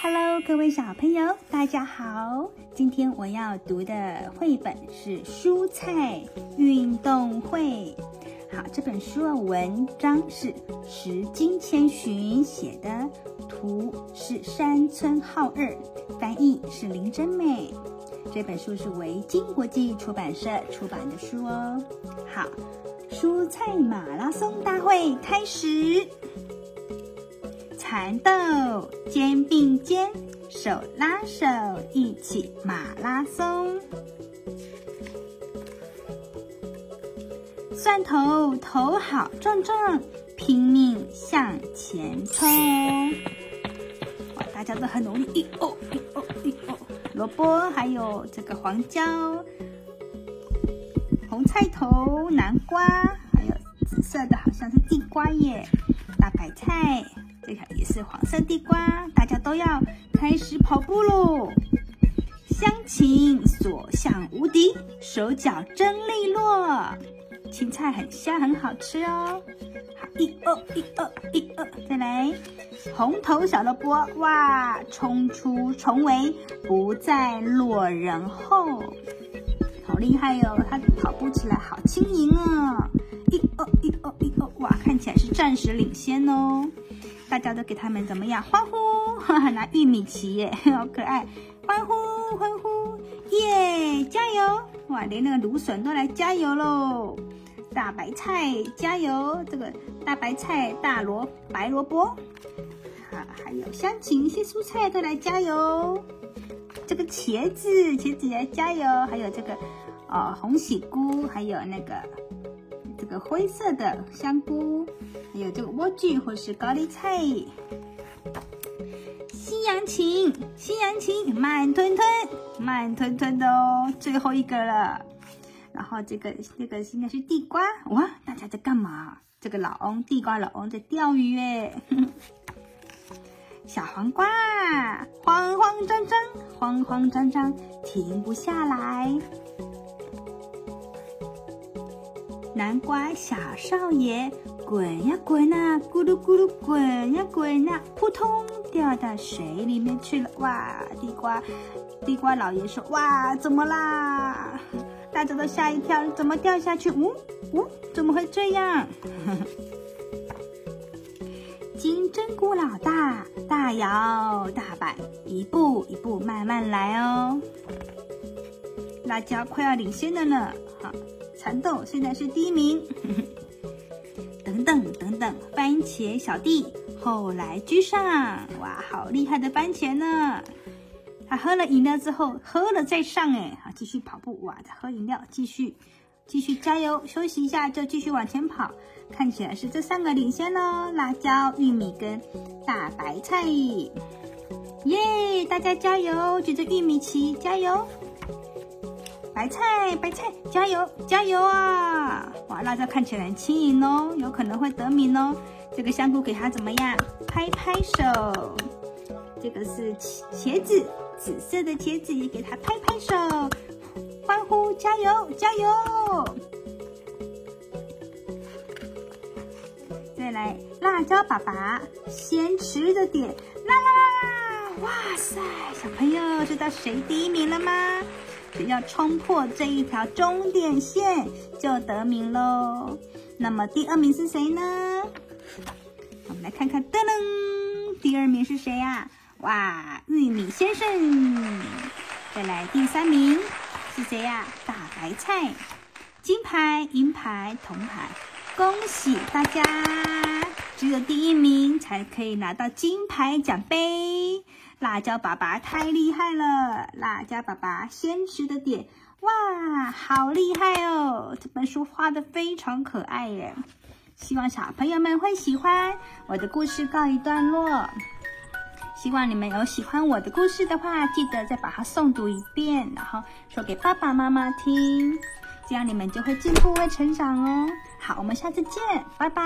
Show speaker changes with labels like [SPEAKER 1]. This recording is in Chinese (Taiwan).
[SPEAKER 1] Hello，各位小朋友，大家好。今天我要讀的繪本是《蔬菜運動會》。好，這本書的文章是石津千尋寫的，圖是山村浩二，翻譯是林真美。這本書是維京國際出版社出版的書哦。好，蔬菜馬拉松大會開始。蠶豆肩並肩，手拉手，一起馬拉松。蒜頭頭好壯壯，拼命向前衝。哇，大家都很努力，一哦一哦一哦！蘿蔔，還有這個黃椒、紅菜頭、南瓜，還有紫色的，好像是地瓜耶，大白菜。這條也是黃色地瓜，大家都要開始跑步嘍！香芹所向無敵，手腳真利落，青菜很香很好吃哦。好，一二一二一二，再來紅頭小蘿蔔，哇，衝出重圍，不再落人後，好厲害喲、哦！它跑步起來好輕盈哦。一二一二一二，哇，看起來是暫時領先哦。大家都給他們怎麼樣？歡呼！哈哈，拿玉米旗耶，好可愛！歡呼，歡呼，耶，yeah！加油！哇，連那個蘆筍都來加油嘍！大白菜加油！這個大白菜、大蘿白蘿蔔，好，還有香芹，一些蔬菜都來加油。這個茄子，茄子也來加油！還有這個，呃，紅喜菇，還有那個。這個灰色的香菇，還有這個萵苣或是高麗菜，西洋芹，西洋芹，慢吞吞，慢吞吞的哦，最後一個了。然後這個那、這個應該是地瓜哇！大家在幹嘛？這個老翁地瓜老翁在釣魚哎，小黃瓜慌慌張張，慌慌張張停不下來。南瓜小少爺滾呀滾吶、啊，咕嚕咕嚕滾呀滾吶、啊，撲通掉到水裡面去了！哇，地瓜，地瓜老爺說：“哇，怎麼啦？”大家都嚇一跳，怎麼掉下去？嗚、嗯、嗚、嗯，怎麼會這樣？呵呵金針菇老大大搖大擺，一步一步慢慢來哦。辣椒快要領先了呢，好。豌豆現在是第一名。呵呵等等等等，番茄小弟後來居上，哇，好厲害的番茄呢！他喝了飲料之後，喝了再上哎，好，繼續跑步哇！他喝飲料，繼續繼續加油，休息一下就繼續往前跑。看起來是這三個領先咯，辣椒、玉米跟大白菜。耶，大家加油，舉着玉米旗加油！白菜，白菜，加油，加油啊！哇，辣椒看起來很輕盈哦，有可能會得名哦。這個香菇給它怎麼樣？拍拍手。這個是茄子，紫色的茄子也給它拍拍手，歡呼，加油，加油！再來，辣椒爸爸，先吃着點，辣辣啦辣！哇塞，小朋友知道誰第一名了嗎？只要衝破這一條終點線就得名嘍。那麼第二名是誰呢？我們來看看，噔噔，第二名是誰呀？哇，玉米先生！再來第三名是誰呀？大白菜！金牌、銀牌、銅牌，恭喜大家！只有第一名才可以拿到金牌獎盃。辣椒爸爸太厲害了！辣椒爸爸先吃的點，哇，好厲害哦！這本書畫得非常可愛耶，希望小朋友們會喜歡。我的故事告一段落，希望你們有喜歡我的故事的話，記得再把它誦讀一遍，然後說給爸爸媽媽聽，這樣你們就會進步，會成長哦。好，我們下次見，拜拜。